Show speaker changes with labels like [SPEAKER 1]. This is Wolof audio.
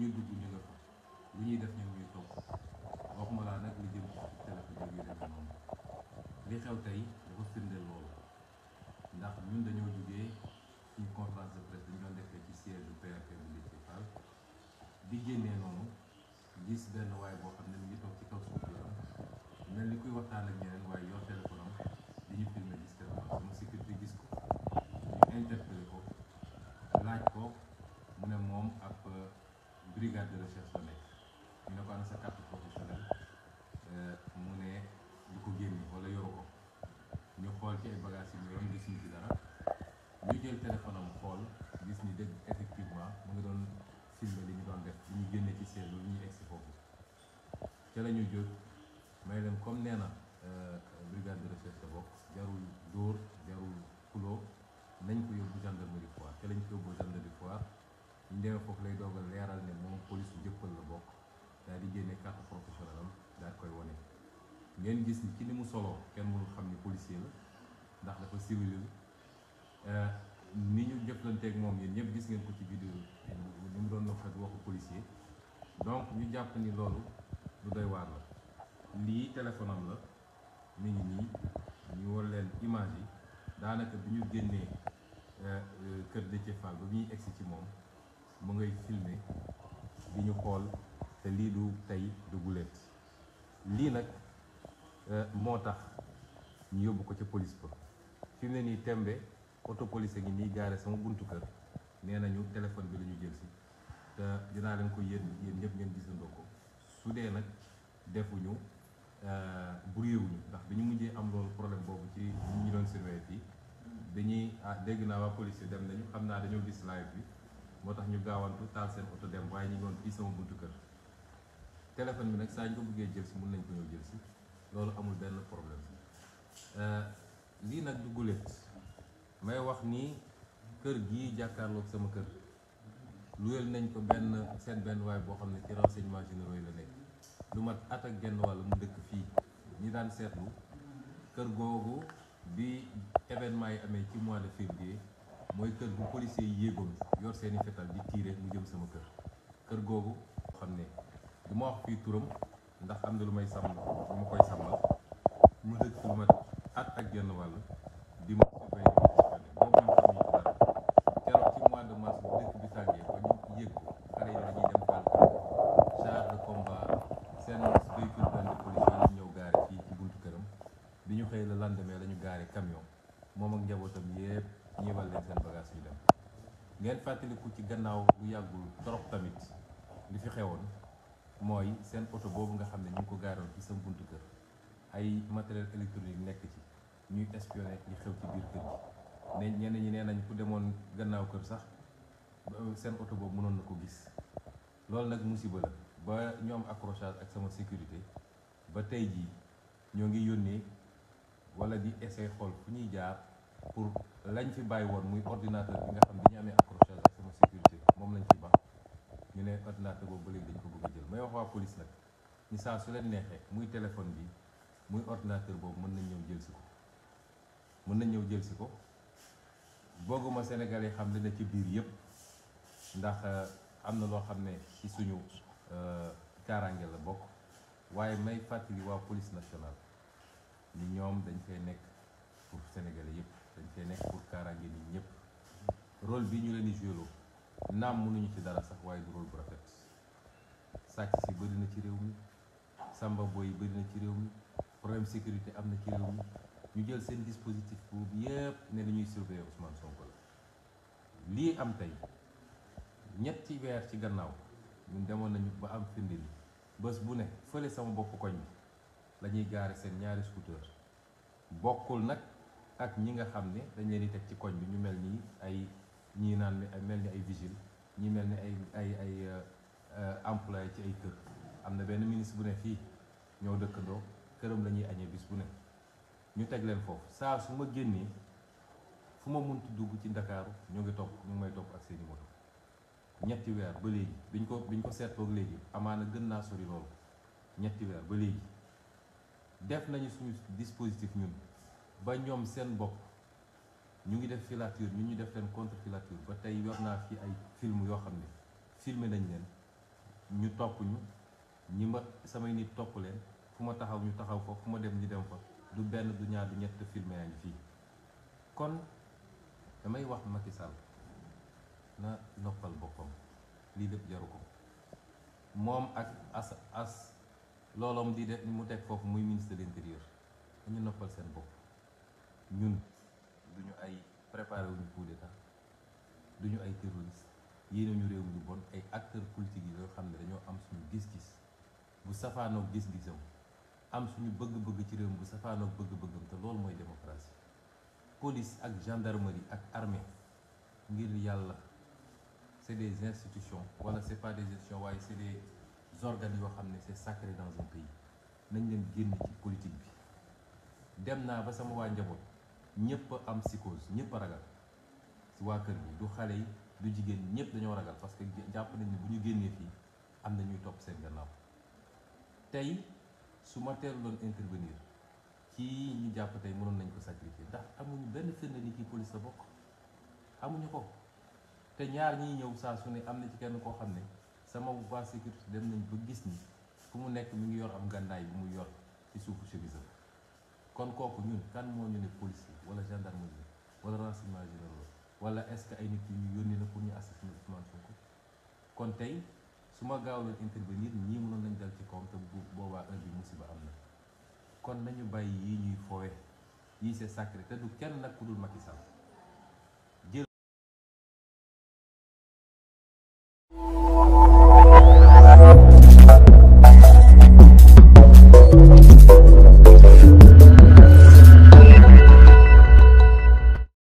[SPEAKER 1] ñu dugg ñu nga fa lu ñuy def ñu ngi ñuy topp waxuma laa nag li jëm ci téléphone bi yu demee noonu li xew tey dafa firndeel loolu ndax ñun dañoo jugee ci conférence de presse dañu doon defee ci siège du PRP bu Déthié Fall bi génnee noonu gis benn waaye boo xam ne mu ngi toog ci kaw suuf yaram mel ni kuy waxtaan ak ñeneen waaye yor téléphone am di ñu filmé gis téléphone sama sécurité gis ko ñu interpellé ko laaj ko mu ne moom brigade de recherche la nekk ñu ne ko ana sa carte professionnelle euh, mu ne lu ko génne walla yoru ko ñu xool ci ay bagages yi mu yoroon gis dara ñu jël téléphone am xool gis ni dëgg effectivement mu ngi doon filmer li ñu doon def li ñu génne ci seetlu li ñuy egsi foofu ca la ñu jóg may leen comme nee na ndew foofu lay dogal leeral ne mom police jëppal la bok da di génne carte professionnel am koy woné ngeen gis ni ci ni mu soloo kenn mu xam ni policier la ndax dafa civil eh, ni ñu jëflanteeg moom yéen ñepp gis ngeen ko ci vidéo ni mu doon noppal waxu policier donc ñu japp ni loolu du doy war la li téléphone am la mi ngi ñu war leen image yi daanaka bi ñu génnee eh, eh, kër Déthié Fall ba bi ñuy egsi ci moom mu ngay filmer di ñu xool te lii du tey du guléet lii nag euh, moo tax ñu yóbbu ko ca police ba fi ne nii tembe auto police ngi nii gaare sama buntu kër nee nañu téléphone bi lañu ñu si te dinaa leen ko yéen yéen ñëpp ngeen gisandoo ko su dee nag defuñu euh, buriwuñu ndax bi dañu mujjee am loolu problème boobu ci ñu doon surveiller fii dañuy ah dégg naa waa police dem nañu xam naa dañoo gis live bi moo tax ñu gaawantu taal seen oto dem waaye ñu ngi woon fii sama buntu kër téléphone bi nag saa ñu ko bëggee jël si mun nañ ko ñëw jël si loolu amul benn problème euh, lii nag du guléet may wax ni kër gii jàkkaarloog sama kër luyel nañ ko benn seen benn waay boo xam ne ci renseignement généraux yi la nekk lu mat at ak genn walla mu dëkk fii ñi daan seetlu kër googu bi événement yi amee ci mois de février mooy kër gu policier yi yéegoon yor seeni fetal di tiire mu jëm sama kër kër googu xam ne duma wax fii turam ndax am na lu may sàmm lu ma koy sàmmal mu dëkk genn wàll ma surveiller boobu ñu xam ñu dara keroog ci mois de mars bu bi tàngee ba ñu yëg ko yi dañuy dem taal char de combat seen véhicule blindé policier yi ñëw gaare fii ci buntu këram bi ñu xëy la lendemain la ñu gaare camion moom ak njabootam yépp ñëwal leen seen ngeen fàttaliku ci gannaaw bu yàggul trop tamit li fi xewoon mooy seen oto boobu nga xam ne ñu ko gaaroon ci sa buntu kër ay matériel électronique nekk ci ñuy espionné li xew ci biir kër gi ne ñenn ñi nee nañ ku demoon gannaaw kër sax seen oto boobu mënoon na ko gis loolu nag musiba la ba ñoom accrochage ak sama sécurité ba tey jii ñoo ngi yónnee wala di essayer xool fu ñuy jaar pour lañ fi bàyyi woon muy ordinateur bi nga xam ne ordinateur boobu ba léegi dañ ko bëgg a jël may wax waa police nag ni su leen neexee muy téléphone bi muy ordinateur boobu mën nañ ñëw jël si ko mën nañ ñëw jël si ko booguma Sénégal yi xam li na ci biir yépp ndax euh, am na loo xam ne ci suñu euh, kaaraange la bokk waaye may fàttali waa police national ni ñoom dañ fay nekk pour Sénégalais yépp dañ fay nekk pour kaaraange nit ñépp rôle bi ñu leen di naam mënuñu ci dara sax waaye du bu rafet sàcc si bëri na ci réew mi samba boy yi bëri na ci réew mi problème sécurité am na ci réew mi ñu jël seen dispositif boobu yépp ne dañuy surveiller Ousmane Sonko la lii am tey ñetti weer ci gannaaw ñun demoon nañu ba am firnde li bés bu ne fële sama bokk koñ bi la ñuy gaare seen ñaari scooter bokkul nag ak ñi nga xam ne dañ leen di teg ci koñ bi ñu mel nii ay ñii naan mel ni ay vigile ñii mel ni ay ay ay euh, euh, employé ci ay kër am na benn ministre bu ne fii ñoo dëkkandoo këram lañuy ñuy añee bis bu ne ñu teg leen foofu saa su ma génnee fu ma munti dugg ci ndakaaru ñu ngi topp ñu ngi may topp ak seeni moto ñetti weer ba léegi biñ ko biñ ko seetloog léegi amaana gën naa sori loolu ñetti weer ba léegi def nañu suñu dispositif ñun ba ñoom seen bopp ñu ngi def filature ñu ñu def leen contre filature ba tey yor naa fi ay film yoo xam ne filmer nañ leen ñu topp ñu ñi ma samay nit topp leen fu ma taxaw ñu taxaw fa fu ma dem ñu dem fa du benn du ñaar du ñett filmer yaa fii kon damay wax Macky Sall na noppal boppam lii lépp jaru ko moom ak as as looloom di de mu teg foofu muy ministre de l'intérieur dañu noppal seen bopp ñun Nous ay préparé coup d'état nous ay terroristes. terroristes. Nous acteurs politiques yi ont des avons am suñu gis-gis bu des gis Nous am suñu démocratie police ak gendarmerie ak armée c'est des institutions wala c'est pas des institutions c'est des organes dans un pays Nous sommes politique ñëpp am psychose ñëpp ragal si waa kër gi du xale yi du jigéen ñëpp dañoo ragal parce que jàpp nañ ni bu ñu génnee fii am na ñuy topp seen gannaaw tey su ma doon intervenir ci ñu jàpp tey mënoon nañ ko sacrifier ndax amuñu benn firnde ni kii police la bokk amuñu ko te ñaar ñiy ñëw saa su ne am na ci kenn koo xam ne sama waa sécurité dem nañ ba gis ni fu mu nekk mi ngi yor am gannaay bu mu yor ci suufu chemise kon kooku ñun kan moo ñu ne policier wala gendarmerie wala renseignement généraux wala est-ce que ay nit yi ñu yónni na pour ñu assassiner Ousmane Sonko kon tey su ma gaaw leen intervenir ñii mënoon nañ dal ci kawam te bu boobaa heure bi musiba am na kon nañu bàyyi yii ñuy foowee yii c'est sacré te du kenn nag ku dul Macky sal